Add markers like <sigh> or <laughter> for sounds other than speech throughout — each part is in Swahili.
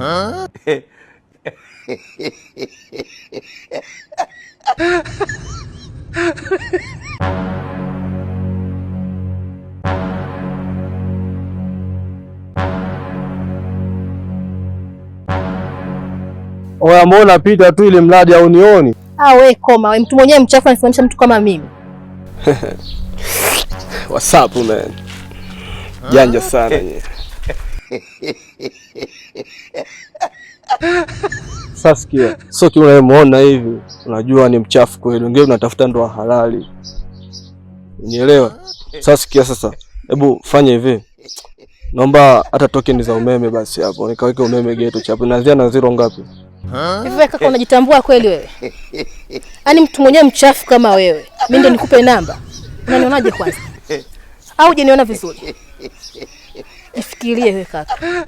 Huh? <laughs> Oya, mbona pita tu ile mradi au nioni? Ah, we koma, we mtu mwenyewe mchafu anifundisha mtu kama mimi. What's up man? Janja sana. <laughs> Sasa so kile unayemwona hivi unajua ni mchafu kweli, wengine unatafuta ndoa halali, unielewa? Sasa sasa, hebu fanya hivi, naomba hata tokeni za umeme basi hapo nikaweke umeme geto chapo. nazia na zero ngapi? Hivi kaka unajitambua kweli wewe? Yaani mtu mwenyewe mchafu kama wewe, mimi ndio nikupe namba? Unanionaje kwanza? Au je niona vizuri? Jifikirie wewe kaka.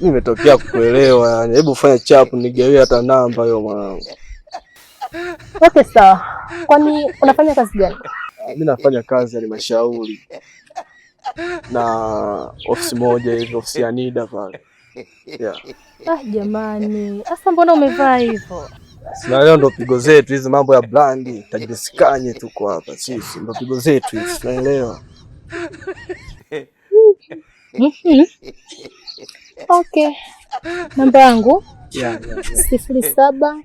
Nimetokea kuelewa yani. Hebu fanya chapu nigawie hata namba hiyo mwanangu. Okay, sawa. Kwani unafanya kazi gani? Mimi eh, nafanya kazi ya mashauri na ofisi moja hivi, ofisi ya NIDA pale. Yeah. Ah, jamani, Sasa mbona umevaa hivyo? Sina leo ndo pigo zetu hizi, mambo ya brandi tajisikanye, tuko hapa sisi, ndo pigo zetu hizi, naelewa Mm-hmm. Okay, namba yangu sifuri saba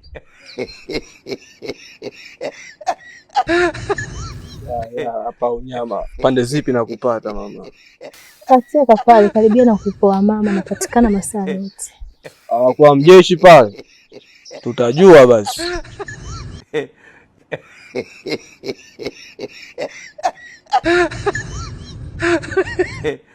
hapa unyama pande zipi na kupata mama katika pale karibia na kupoa mama, napatikana masaa yote kwa mjeshi pale, tutajua basi. <laughs>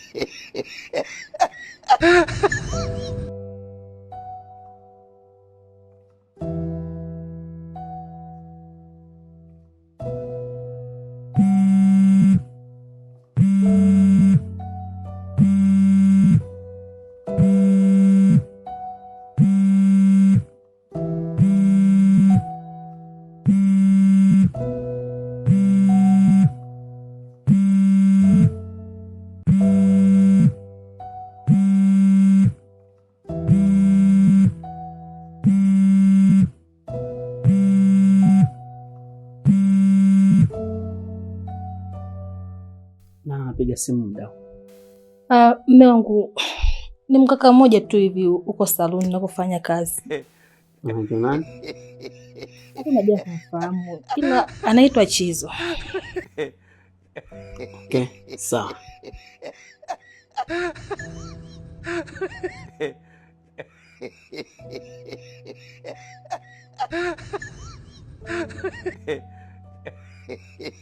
kupiga simu muda huu? Uh, mume wangu ni mkaka mmoja tu hivi uko saluni nakufanya kazi. Eh. Anaitwa nani? Najua kumfahamu ila anaitwa Chizo. Okay, sawa.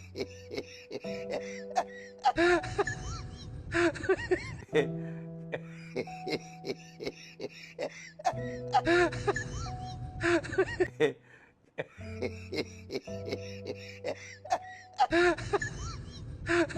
<laughs>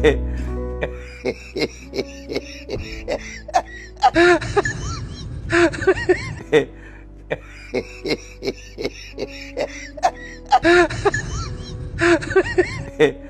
へ <laughs> へ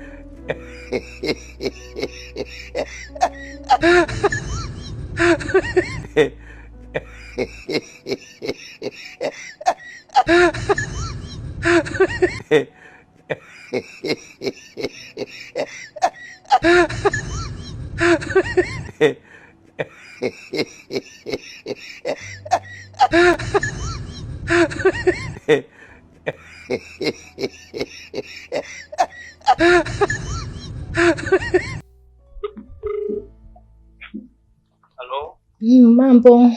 Mm, mambo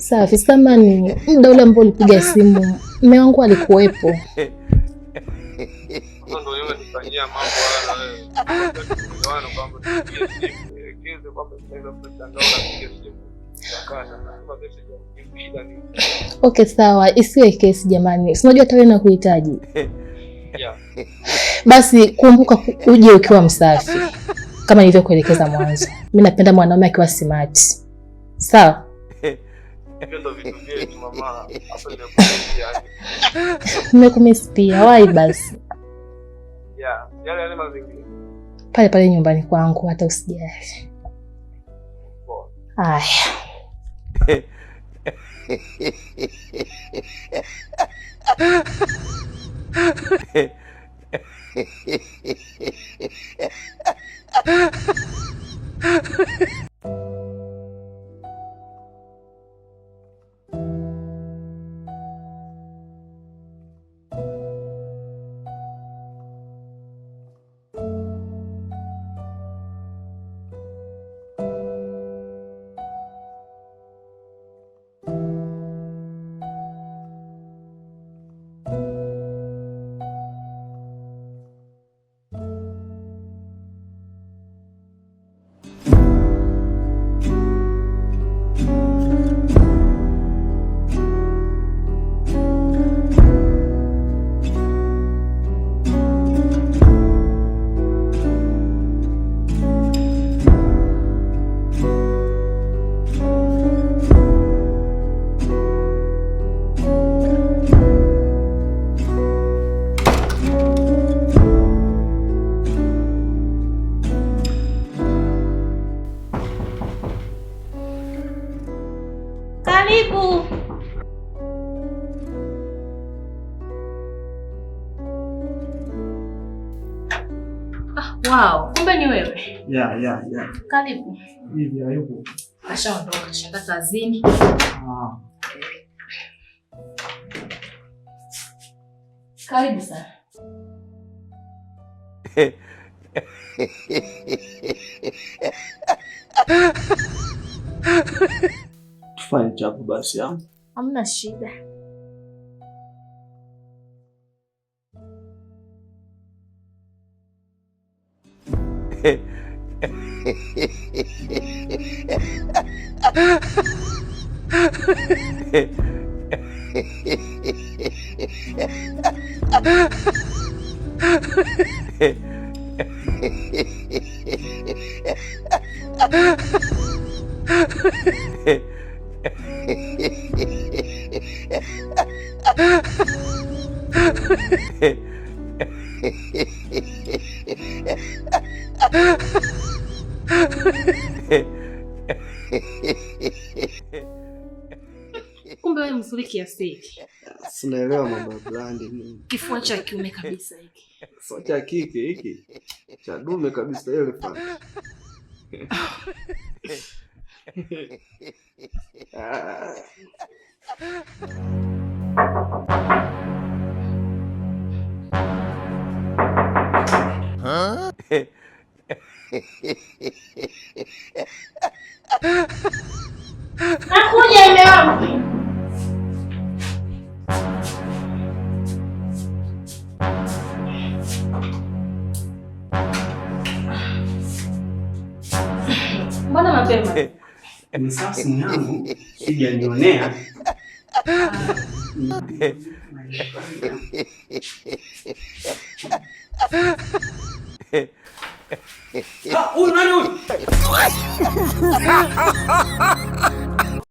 safi. Samani, mda ule ambao ulipiga simu, mme wangu alikuwepo. <laughs> kufanyia mambo Okay, sawa, isiwe kesi jamani, sinajua unajua tawe na kuhitaji <laughs> basi kumbuka uje ukiwa msafi kama nilivyokuelekeza mwanzo. Mi napenda mwanaume akiwa smart, sawa? <laughs> Nimekumisi pia wai basi yale yale mazingira pale pale nyumbani kwangu, hata usijali. Haya. <laughs> karibu. Ah, wow, kumbe ni wewe. Yeah, yeah, yeah. Karibu. Hivi hayupo. Ashaondoka, shanga kazini. Ah. Karibu sana. <laughs> I chako basi hapo. Hamna shida. Kumbe wewe mzuri kiasi hiki. Sinaelewa mambo ya brandi mimi. Kifua cha kiume kabisa hiki. Kifua cha kike hiki. Cha dume kabisa elephant. ah. <laughs> Huh? Nakuja mume wangu. Mbona mapema? Ni eh, eh, sasa yangu sijanionea あ、おい、何おい。